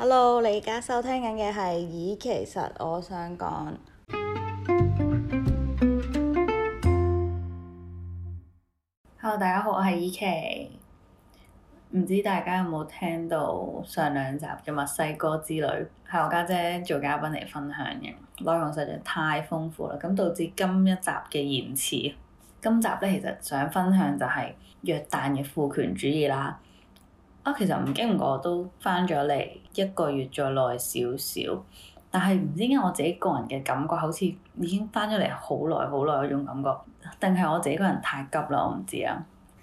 Hello，你而家收聽緊嘅係綺，其實我想講。Hello，大家好，我係綺。唔知大家有冇聽到上兩集嘅墨西哥之旅，係我家姐姐做嘉賓嚟分享嘅，內容實在太豐富啦，咁導致今一集嘅延遲。今集咧，其實想分享就係約旦嘅父權主義啦。啊、哦，其實唔經唔覺都翻咗嚟一個月再耐少少，但係唔知點解我自己個人嘅感覺好似已經翻咗嚟好耐好耐嗰種感覺，定係我自己個人太急啦，我唔知啊。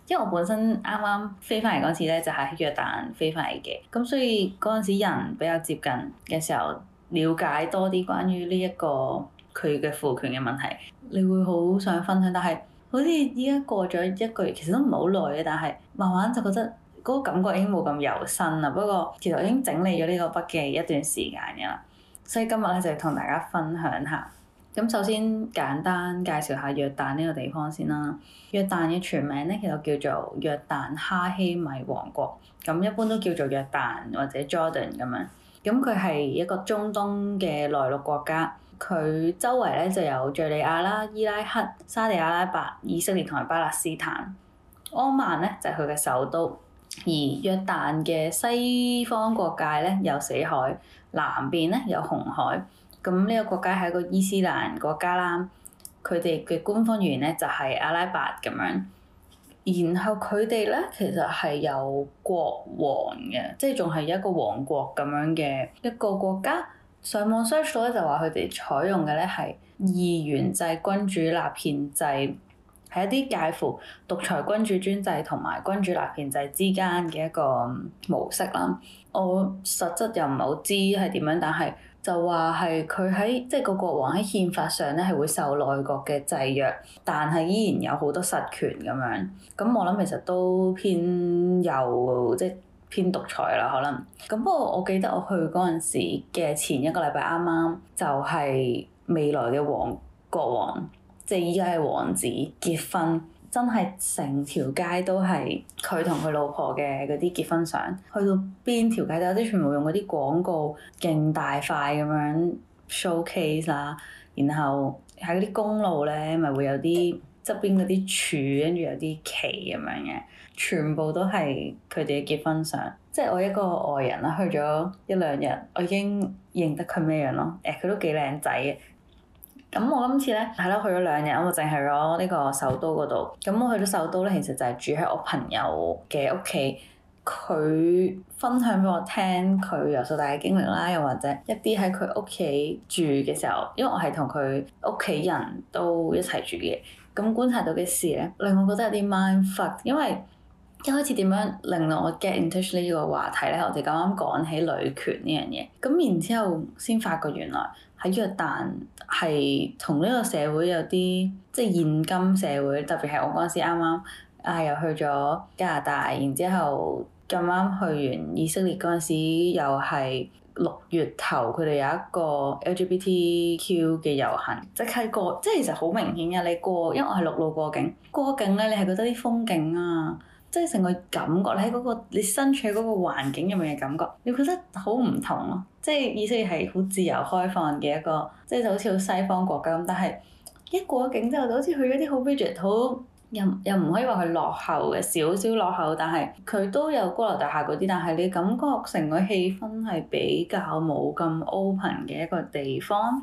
因為我本身啱啱飛翻嚟嗰次咧，就喺、是、約旦飛翻嚟嘅，咁所以嗰陣時人比較接近嘅時候，了解多啲關於呢一個佢嘅父權嘅問題，你會好想分享，但係好似依家過咗一個月，其實都唔係好耐嘅，但係慢慢就覺得。嗰個感覺已經冇咁猶新啦，不過其實已經整理咗呢個筆記一段時間嘅啦，所以今日咧就同大家分享下。咁首先簡單介紹下約旦呢個地方先啦。約旦嘅全名咧其實叫做約旦哈希米王國，咁一般都叫做約旦或者 Jordan 咁樣。咁佢係一個中東嘅內陸國家，佢周圍咧就有敍利亞啦、伊拉克、沙地阿拉伯、以色列同埋巴勒斯坦。安曼咧就係佢嘅首都。而約旦嘅西方國界咧有死海，南邊咧有紅海。咁呢個國家係一個伊斯蘭國家啦，佢哋嘅官方語言咧就係、是、阿拉伯咁樣。然後佢哋咧其實係有國王嘅，即係仲係一個王國咁樣嘅一個國家。上網 search 咗咧就話佢哋採用嘅咧係二元制君主立憲制。係一啲介乎獨裁君主專制同埋君主立憲制之間嘅一個模式啦。我實質又唔係好知係點樣，但係就話係佢喺即係個國王喺憲法上咧係會受內閣嘅制約，但係依然有好多實權咁樣。咁我諗其實都偏右，即係偏獨裁啦。可能咁，不過我記得我去嗰陣時嘅前一個禮拜啱啱就係未來嘅王國王。即係而家係王子結婚，真係成條街都係佢同佢老婆嘅嗰啲結婚相。去到邊條街都有啲，全部用嗰啲廣告勁大塊咁樣 showcase 啦。然後喺啲公路咧，咪會有啲側邊嗰啲柱，跟住有啲旗咁樣嘅，全部都係佢哋嘅結婚相。即係我一個外人啦，去咗一兩日，我已經認得佢咩樣咯。誒、哎，佢都幾靚仔嘅。咁我今次咧，係咯去咗兩日，我淨係去咗呢個首都嗰度。咁我去咗首都咧，其實就係住喺我朋友嘅屋企，佢分享俾我聽佢遊素大嘅經歷啦，又或者一啲喺佢屋企住嘅時候，因為我係同佢屋企人都一齊住嘅，咁觀察到嘅事咧，令我覺得有啲 mind fuck，因為一開始點樣令到我 get in touch 呢個話題咧，我哋啱啱講起女權呢樣嘢，咁然之後先發覺原來。喺約旦係同呢個社會有啲即係現今社會，特別係我嗰陣時啱啱啊，又去咗加拿大，然之後咁啱去完以色列嗰陣時，又係六月頭，佢哋有一個 LGBTQ 嘅遊行，即係過即係其實好明顯嘅你過，因為我係陸路過境，過境咧你係覺得啲風景啊。即係成個感覺，你喺嗰個你身處嗰個環境入面嘅感覺，你覺得好唔同咯。即係意思係好自由開放嘅一個，即係就好似好西方國家咁。但係一過咗境之後，就好似去咗啲好 budget、好又又唔可以話佢落後嘅少少落後，但係佢都有高樓大廈嗰啲。但係你感覺成個氣氛係比較冇咁 open 嘅一個地方。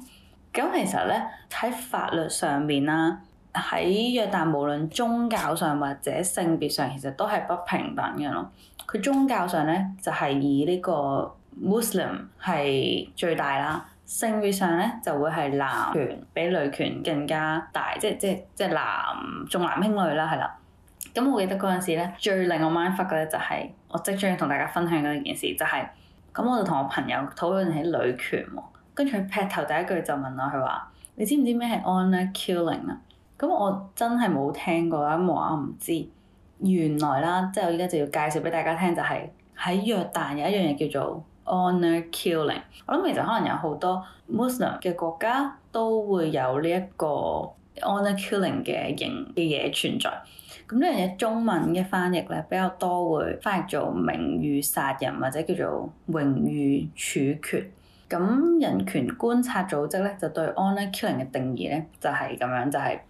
咁其實咧喺法律上面啦。喺約旦，無論宗教上或者性別上，其實都係不平等嘅咯。佢宗教上咧就係、是、以呢個 Muslim 係最大啦，性別上咧就會係男權比女權更加大，即即即，即男重男輕女啦，係啦。咁我記得嗰陣時咧，最令我 mindfuck 嘅咧就係、是、我即將要同大家分享嘅一件事，就係、是、咁我就同我朋友討論起女權喎，跟住佢劈頭第一句就問我佢話：你知唔知咩係 honor killing 啊？咁我真係冇聽過，咁我唔知。原來啦，即係我依家就要介紹俾大家聽，就係喺約旦有一樣嘢叫做 honor killing。我諗其實可能有好多 muslim 嘅國家都會有呢一個 honor killing 嘅形嘅嘢存在。咁呢樣嘢中文嘅翻譯咧比較多會翻譯做名譽殺人或者叫做榮譽處決。咁人權觀察組織咧就對 honor killing 嘅定義咧就係咁樣，就係。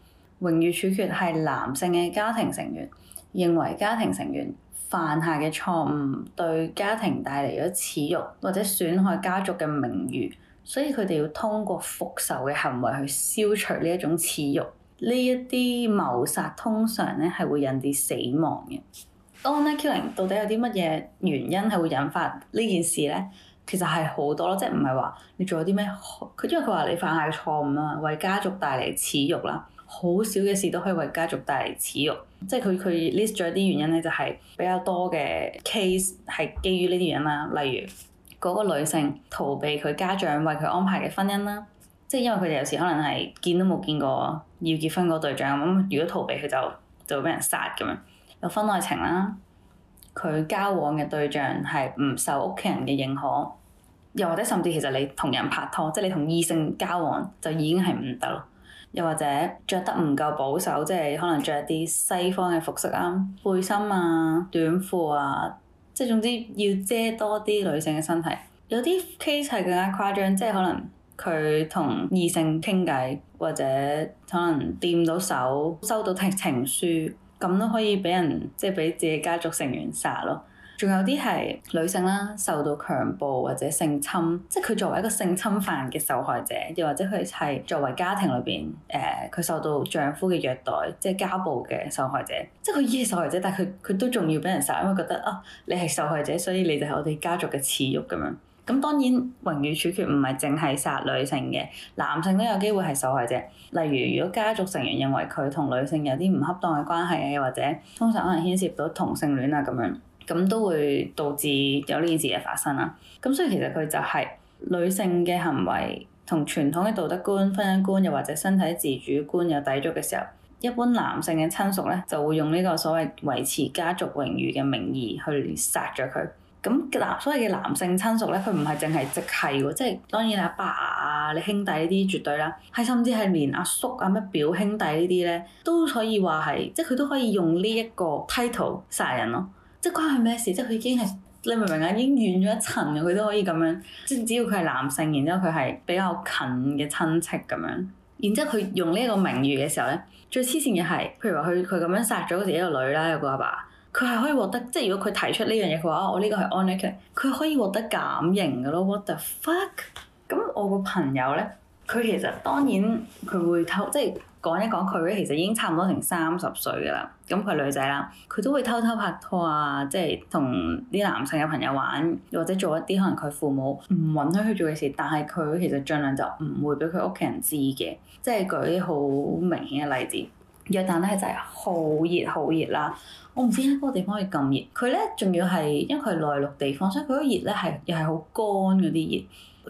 榮譽處決係男性嘅家庭成員認為家庭成員犯下嘅錯誤，對家庭帶嚟咗恥辱或者損害家族嘅名譽。所以佢哋要通過復仇嘅行為去消除呢一種恥辱。呢一啲謀殺通常咧係會引致死亡嘅。咁咧到底有啲乜嘢原因係會引發呢件事咧？其實係好多咯，即係唔係話你做咗啲咩，佢因為佢話你犯下錯誤啊，為家族帶嚟恥辱啦。好少嘅事都可以為家族帶嚟恥辱，即係佢佢 list 咗啲原因咧，就係比較多嘅 case 係基於呢啲原因啦。例如嗰個女性逃避佢家長為佢安排嘅婚姻啦，即係因為佢哋有時可能係見都冇見過要結婚嗰對象咁，如果逃避佢就就會俾人殺咁樣。有婚外情啦，佢交往嘅對象係唔受屋企人嘅認可，又或者甚至其實你同人拍拖，即係你同異性交往就已經係唔得咯。又或者着得唔夠保守，即係可能着一啲西方嘅服飾啊、背心啊、短褲啊，即係總之要遮多啲女性嘅身體。有啲 case 係更加誇張，即係可能佢同異性傾偈，或者可能掂到手、收到情情書，咁都可以俾人即係俾自己家族成員殺咯。仲有啲係女性啦，受到強暴或者性侵，即係佢作為一個性侵犯嘅受害者，又或者佢係作為家庭裏邊誒佢受到丈夫嘅虐待，即係家暴嘅受害者，即係佢已係受害者，但係佢佢都仲要俾人殺，因為覺得啊、哦，你係受害者，所以你就係我哋家族嘅恥辱咁樣。咁當然，榮譽處決唔係淨係殺女性嘅，男性都有機會係受害者。例如，如果家族成員認為佢同女性有啲唔恰當嘅關係，又或者通常可能牽涉到同性戀啊咁樣。咁都會導致有呢件事嘅發生啦。咁所以其實佢就係女性嘅行為同傳統嘅道德觀、婚姻觀又或者身體自主觀有抵觸嘅時候，一般男性嘅親屬咧就會用呢個所謂維持家族榮譽嘅名義去殺咗佢。咁嗱，所謂嘅男性親屬咧，佢唔係淨係直系喎，即係當然你阿爸啊、你兄弟呢啲絕對啦，係甚至係連阿叔啊、咩表兄弟呢啲咧都可以話係，即係佢都可以用呢一個 title 殺人咯。即係關佢咩事？即係佢已經係，你明唔明啊？已經遠咗一層嘅，佢都可以咁樣。即只要佢係男性，然之後佢係比較近嘅親戚咁樣，然之後佢用呢一個名譽嘅時候咧，最黐線嘅係，譬如話佢佢咁樣殺咗佢自己個女啦，有個阿爸，佢係可以獲得，即係如果佢提出呢樣嘢嘅話，我呢個係 on the case，佢可以獲得減刑嘅咯。What the fuck？咁我個朋友咧。佢其實當然佢會偷，即係講一講佢其實已經差唔多成三十歲噶啦。咁佢女仔啦，佢都會偷偷拍拖啊，即係同啲男性嘅朋友玩，或者做一啲可能佢父母唔允許佢做嘅事。但係佢其實盡量就唔會俾佢屋企人知嘅。即係舉啲好明顯嘅例子，約旦咧就係、是、好熱好熱啦。我唔知喺嗰個地方係咁熱。佢咧仲要係因為佢係內陸地方，所以佢嗰熱咧係又係好乾嗰啲熱。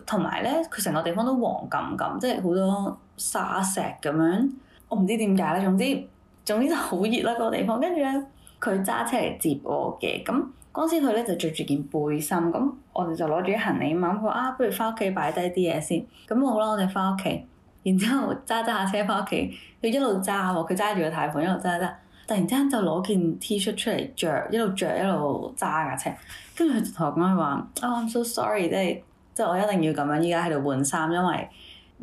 同埋咧，佢成個地方都黃濛濛，即係好多沙石咁樣。我唔知點解咧，總之總之就好熱啦嗰個地方，啊。跟住咧，佢揸車嚟接我嘅。咁嗰時佢咧就着住件背心。咁我哋就攞住啲行李嘛，咁佢話啊，不如翻屋企擺低啲嘢先。咁好啦，我哋翻屋企，然之後揸揸下車翻屋企，佢一路揸喎，佢揸住個軚盤一路揸揸。突然之間就攞件 T 恤出嚟着，一路着，一路揸架車。跟住佢就同我講佢話，啊、oh，I'm so sorry，即係。即係我一定要咁樣，依家喺度換衫，因為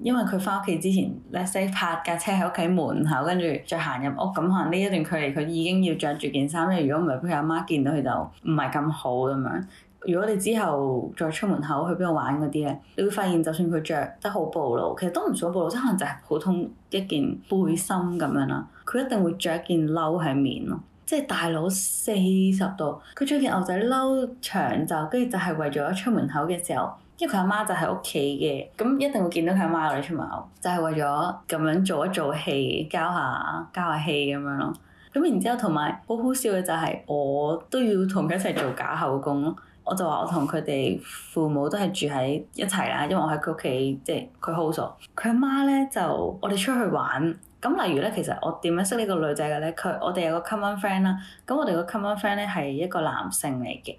因為佢翻屋企之前 ，let's say 泊架車喺屋企門口，跟住再行入屋，咁可能呢一段距離佢已經要着住件衫。因為如果唔係俾佢阿媽見到，佢就唔係咁好咁樣。如果你之後再出門口去邊度玩嗰啲咧，你會發現就算佢着得好暴露，其實都唔算暴露，即可能就係普通一件背心咁樣啦。佢一定會着一件褸喺面咯，即係大佬四十度，佢着件牛仔褸長袖，跟住就係為咗出門口嘅時候。因為佢阿媽，媽就喺屋企嘅，咁一定會見到佢阿媽落嚟出門口，就係、是、為咗咁樣做一做戲，交下交下戲咁樣咯。咁然之後同埋好好笑嘅就係、是，我都要同佢一齊做假口供咯。我就話我同佢哋父母都係住喺一齊啦，因為我喺佢屋企，即係佢好傻。佢阿媽咧就我哋出去玩，咁例如咧，其實我點樣識呢個女仔嘅咧？佢我哋有個 common friend 啦，咁我哋個 common friend 咧係一個男性嚟嘅。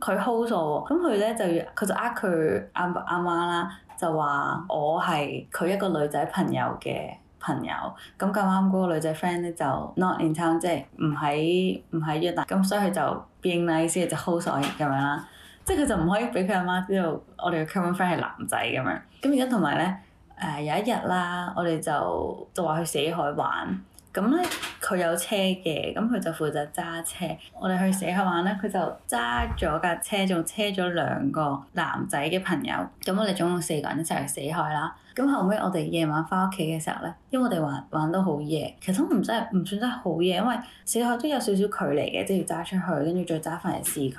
佢 hold 咗喎，咁佢咧就要佢就呃佢阿阿媽啦，就話我係佢一個女仔朋友嘅朋友，咁咁啱嗰個女仔 friend 咧就 not in town，即係唔喺唔喺約旦，咁所以佢就 being nice，意思就 hold 咗咁樣啦，即係佢就唔可以俾佢阿媽知道我哋嘅 common friend 係男仔咁樣，咁而家同埋咧誒有一日啦，我哋就就話去死海玩。咁咧，佢有車嘅，咁佢就負責揸車。我哋去死海玩咧，佢就揸咗架車，仲車咗兩個男仔嘅朋友。咁我哋總共四個人一齊去死海啦。咁後尾我哋夜晚翻屋企嘅時候咧，因為我哋玩玩到好夜，其實都唔真係唔算真係好夜，因為死海都有少少距離嘅，即係要揸出去，跟住再揸翻嚟市區。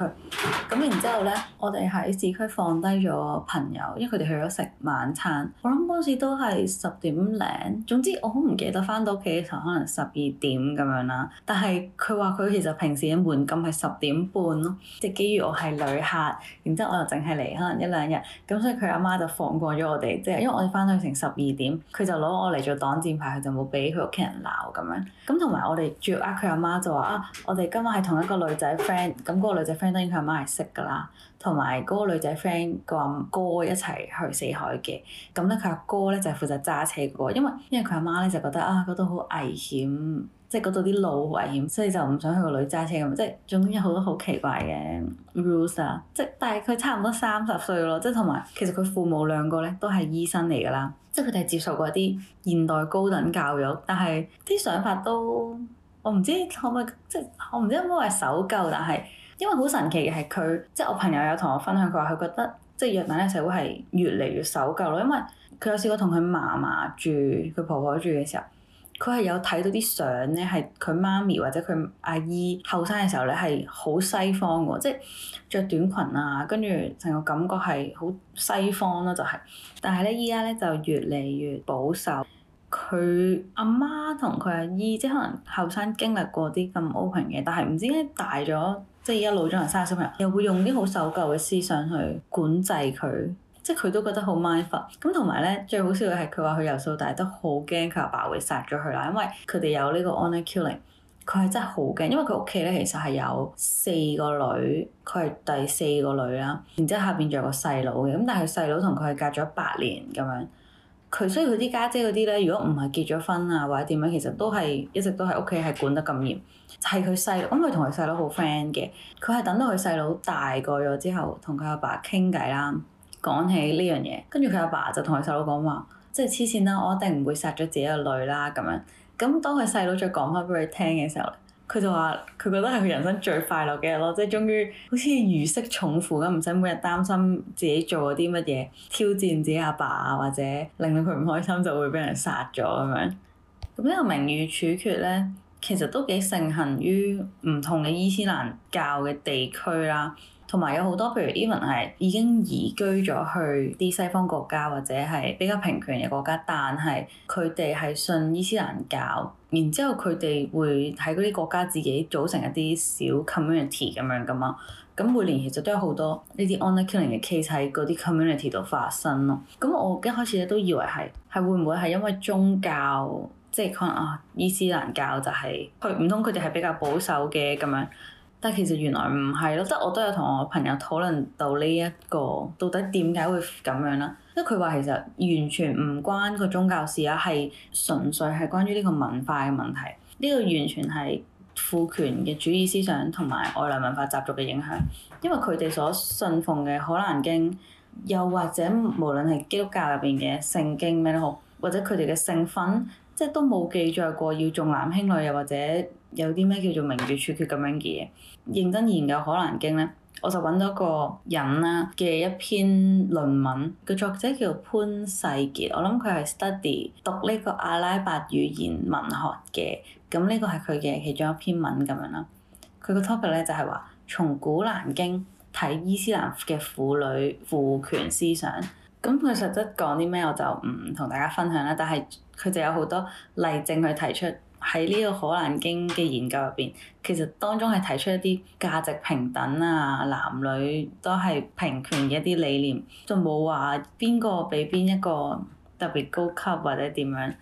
咁然之後咧，我哋喺市區放低咗朋友，因為佢哋去咗食晚餐。我諗嗰陣時都係十點零，總之我好唔記得翻到屋企嘅時候可能十二點咁樣啦。但係佢話佢其實平時嘅門禁係十點半咯，即係基於我係旅客，然之後我又淨係嚟可能一兩日，咁所以佢阿媽就放過咗我哋，即係因為我哋翻成十二點，佢就攞我嚟做擋箭牌，佢就冇俾佢屋企人鬧咁樣。咁同埋我哋仲要呃佢阿媽，媽就，就話啊，我哋今晚係同一個女仔 friend，咁嗰個女仔 friend 當然佢阿媽係識㗎啦，同埋嗰個女仔 friend 個阿哥一齊去死海嘅。咁咧佢阿哥咧就係，負責揸車嘅，因為因為佢阿媽咧就覺得啊嗰度好危險。即係嗰度啲路好危險，所以就唔想去個女揸車咁。即係總之有好多好奇怪嘅 rules 啦。即係但係佢差唔多三十歲咯。即係同埋其實佢父母兩個咧都係醫生嚟㗎啦。即係佢哋係接受過一啲現代高等教育，但係啲想法都我唔知可唔可以，即係我唔知有冇可話守舊。但係因為好神奇嘅係佢，即係我朋友有同我分享佢話，佢覺得即係約旦嘅社會係越嚟越守舊咯。因為佢有試過同佢嫲嫲住，佢婆婆住嘅時候。佢係有睇到啲相咧，係佢媽咪或者佢阿姨後生嘅時候咧，係好西方㗎，即係著短裙啊，跟住成個感覺係好西方咯，就係、係。但係咧，依家咧就越嚟越保守。佢阿媽同佢阿姨即係可能後生經歷過啲咁 open 嘅，但係唔知咧大咗，即而家老咗人生小朋友，又會用啲好守舊嘅思想去管制佢。即係佢都覺得好 mindful 咁，同埋咧最好笑嘅係佢話佢由細大都好驚，佢阿爸會殺咗佢啦，因為佢哋有呢個 honour killing，佢係真係好驚。因為佢屋企咧其實係有四個女，佢係第四個女啦，然之後下邊仲有個細佬嘅。咁但係佢細佬同佢係隔咗八年咁樣，佢所以佢啲家姐嗰啲咧，如果唔係結咗婚啊或者點樣，其實都係一直都喺屋企係管得咁嚴。係佢細佬，因為同佢細佬好 friend 嘅，佢係等到佢細佬大個咗之後，同佢阿爸傾偈啦。講起呢樣嘢，跟住佢阿爸就同佢細佬講話，即係黐線啦，我一定唔會殺咗自己個女啦咁樣。咁當佢細佬再講翻俾佢聽嘅時候，佢就話佢覺得係佢人生最快樂嘅日咯，即係終於好似如釋重負咁，唔使每日擔心自己做咗啲乜嘢挑戰自己阿爸啊，或者令到佢唔開心就會俾人殺咗咁樣。咁呢個名譽處決咧，其實都幾盛行於唔同嘅伊斯蘭教嘅地區啦。同埋有好多譬如 even 係已經移居咗去啲西方國家或者係比較平權嘅國家，但係佢哋係信伊斯蘭教，然之後佢哋會喺嗰啲國家自己組成一啲小 community 咁樣噶嘛？咁每年其實都有好多呢啲 honour killing 嘅 case 喺嗰啲 community 度發生咯。咁我一開始都以為係係會唔會係因為宗教，即係可能啊伊斯蘭教就係佢唔通佢哋係比較保守嘅咁樣。但其實原來唔係咯，即係我都有同我朋友討論到呢一個到底點解會咁樣啦，即係佢話其實完全唔關個宗教事啊，係純粹係關於呢個文化嘅問題，呢個完全係父權嘅主義思想同埋外來文化習俗嘅影響，因為佢哋所信奉嘅《可蘭經》，又或者無論係基督教入邊嘅聖經咩都好。或者佢哋嘅性分，即係都冇記載過要重男輕女，又或者有啲咩叫做名譽處決咁樣嘅嘢。認真研究《可蘭經》咧，我就揾到一個人啦嘅一篇論文，個作者叫潘世傑，我諗佢係 study 讀呢個阿拉伯語言文學嘅，咁呢個係佢嘅其中一篇文咁樣啦。佢個 topic 咧就係話，從《古蘭經》睇伊斯蘭嘅婦女賦權思想。咁佢實質講啲咩我就唔同大家分享啦。但係佢就有好多例證去提出喺呢個《可蘭經》嘅研究入邊，其實當中係提出一啲價值平等啊，男女都係平權嘅一啲理念，就冇話邊個比邊一個特別高級或者點樣，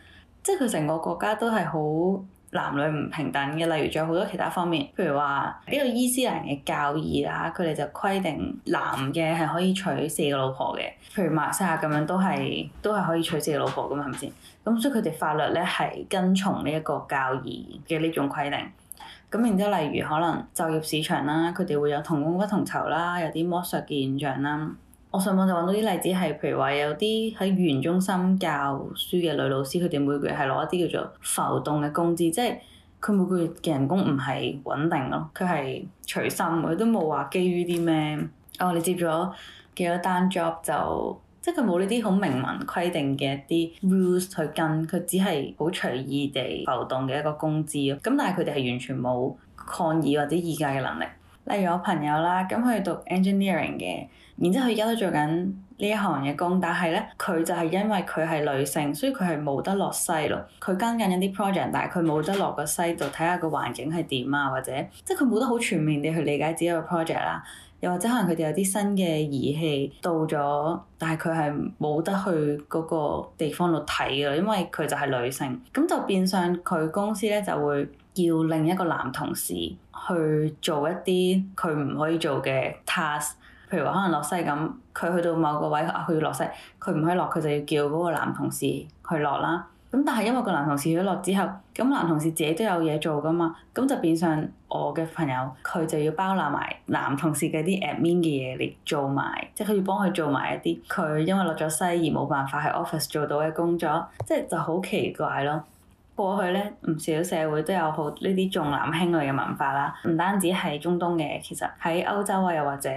即係佢成個國家都係好男女唔平等嘅，例如仲有好多其他方面，譬如話呢，這個伊斯蘭嘅教義啦，佢哋就規定男嘅係可以娶四個老婆嘅，譬如馬來西亞咁樣都係都係可以娶四個老婆噶嘛，係咪先？咁所以佢哋法律咧係跟從呢一個教義嘅呢種規定。咁然之後，例如可能就業市場啦，佢哋會有同工不同酬啦，有啲剝削嘅現象啦。我上網就揾到啲例子係，譬如話有啲喺語言中心教書嘅女老師，佢哋每個月係攞一啲叫做浮動嘅工資，即係佢每個月嘅人工唔係穩定咯，佢係隨心，佢都冇話基於啲咩，哦你接咗幾多單 job 就，即係佢冇呢啲好明文規定嘅一啲 rules 去跟，佢只係好隨意地浮動嘅一個工資咯。咁但係佢哋係完全冇抗議或者議價嘅能力。例如我朋友啦，咁佢讀 engineering 嘅，然之後佢而家都做緊呢一行嘅工，但係咧佢就係因為佢係女性，所以佢係冇得落 site 咯。佢跟緊一啲 project，但係佢冇得落個 site 度睇下個環境係點啊，或者即係佢冇得好全面地去理解自己個 project 啦。又或者可能佢哋有啲新嘅儀器到咗，但係佢係冇得去嗰個地方度睇㗎，因為佢就係女性，咁就變相佢公司咧就會，叫另一個男同事去做一啲佢唔可以做嘅 task，譬如話可能落西咁，佢去到某個位啊，佢要落西，佢唔可以落，佢就要叫嗰個男同事去落啦。咁但係因為個男同事去落之後，咁男同事自己都有嘢做㗎嘛，咁就變相我嘅朋友佢就要包攬埋男同事嘅啲 admin 嘅嘢嚟做埋，即係佢要幫佢做埋一啲佢因為落咗西而冇辦法喺 office 做到嘅工作，即係就好奇怪咯。過去咧唔少社會都有好呢啲重男輕女嘅文化啦，唔單止係中東嘅，其實喺歐洲啊，又或者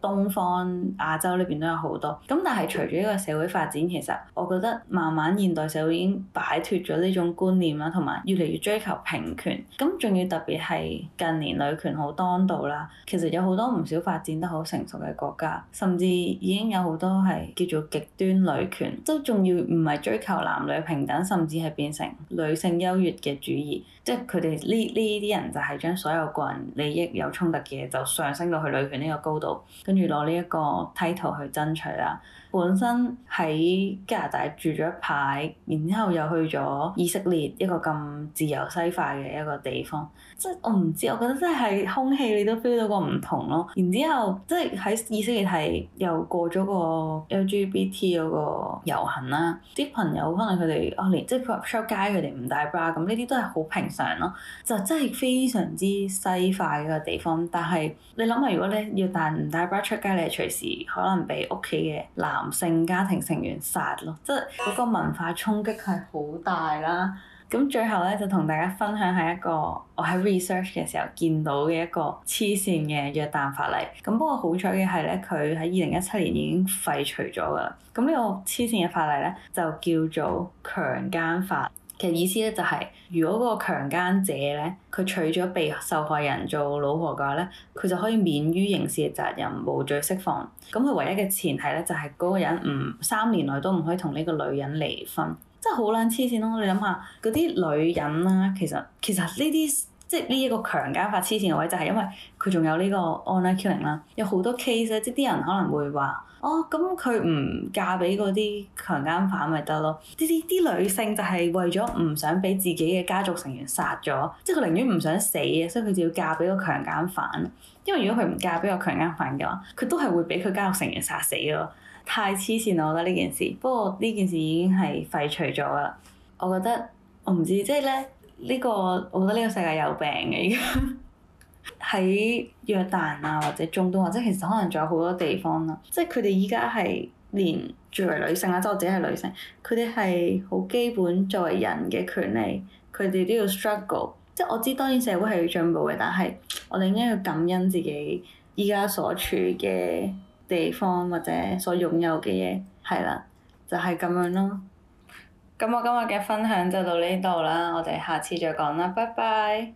東方、亞洲呢邊都有好多。咁但係隨住呢個社會發展，其實我覺得慢慢現代社會已經擺脫咗呢種觀念啦，同埋越嚟越追求平權。咁仲要特別係近年女權好當道啦，其實有好多唔少發展得好成熟嘅國家，甚至已經有好多係叫做極端女權，都仲要唔係追求男女平等，甚至係變成女性更優越嘅主義，即係佢哋呢呢啲人就係將所有個人利益有衝突嘅嘢，就上升到去女權呢個高度，跟住攞呢一個 title 去爭取啦。 本身喺加拿大住咗一排，然之後又去咗以色列一個咁自由西化嘅一個地方，即係我唔知，我覺得真係空氣你都 feel 到個唔同咯。然之後即係喺以色列係又過咗個 LGBT 嗰個遊行啦，啲朋友可能佢哋哦連即係出街佢哋唔帶 bra 咁呢啲都係好平常咯，就真係非常之西化嘅一個地方。但係你諗下，如果你要帶唔帶 bra 出街，你係隨時可能俾屋企嘅男男性家庭成員殺咯，即係嗰個文化衝擊係好大啦。咁最後咧，就同大家分享係一,一個我喺 research 嘅時候見到嘅一個黐線嘅約旦法例。咁不過好彩嘅係咧，佢喺二零一七年已經廢除咗噶啦。咁呢個黐線嘅法例咧，就叫做強姦法。其實意思咧就係，如果個強姦者咧，佢娶咗被受害人做老婆嘅話咧，佢就可以免於刑事嘅責任，無罪釋放。咁佢唯一嘅前提咧，就係嗰個人唔三年內都唔可以同呢個女人離婚。真係好撚黐線咯！你諗下嗰啲女人啦，其實其實呢啲。即係呢一個強姦犯黐線嘅位，就係、係、因為佢仲有呢個 honour killing 啦，有好多 case 咧，即係啲人可能會話：哦，咁佢唔嫁俾嗰啲強姦犯咪得咯？啲啲女性就係為咗唔想俾自己嘅家族成員殺咗，即係佢寧願唔想死嘅，所以佢就要嫁俾個強姦犯。因為如果佢唔嫁俾個強姦犯嘅話，佢都係會俾佢家族成員殺死咯。太黐線啦！我覺得呢件事，不過呢件事已經係廢除咗啦。我覺得我唔知，即係咧。呢、這個我覺得呢個世界有病嘅，而家喺約旦啊，或者中東，或者其實可能仲有好多地方啦。即係佢哋依家係連作為女性啊，即係我自己係女性，佢哋係好基本作為人嘅權利，佢哋都要 struggle。即係我知當然社會係要進步嘅，但係我哋應該要感恩自己依家所處嘅地方或者所擁有嘅嘢，係啦，就係、是、咁樣咯。咁我今日嘅分享就到呢度啦，我哋下次再講啦，拜拜。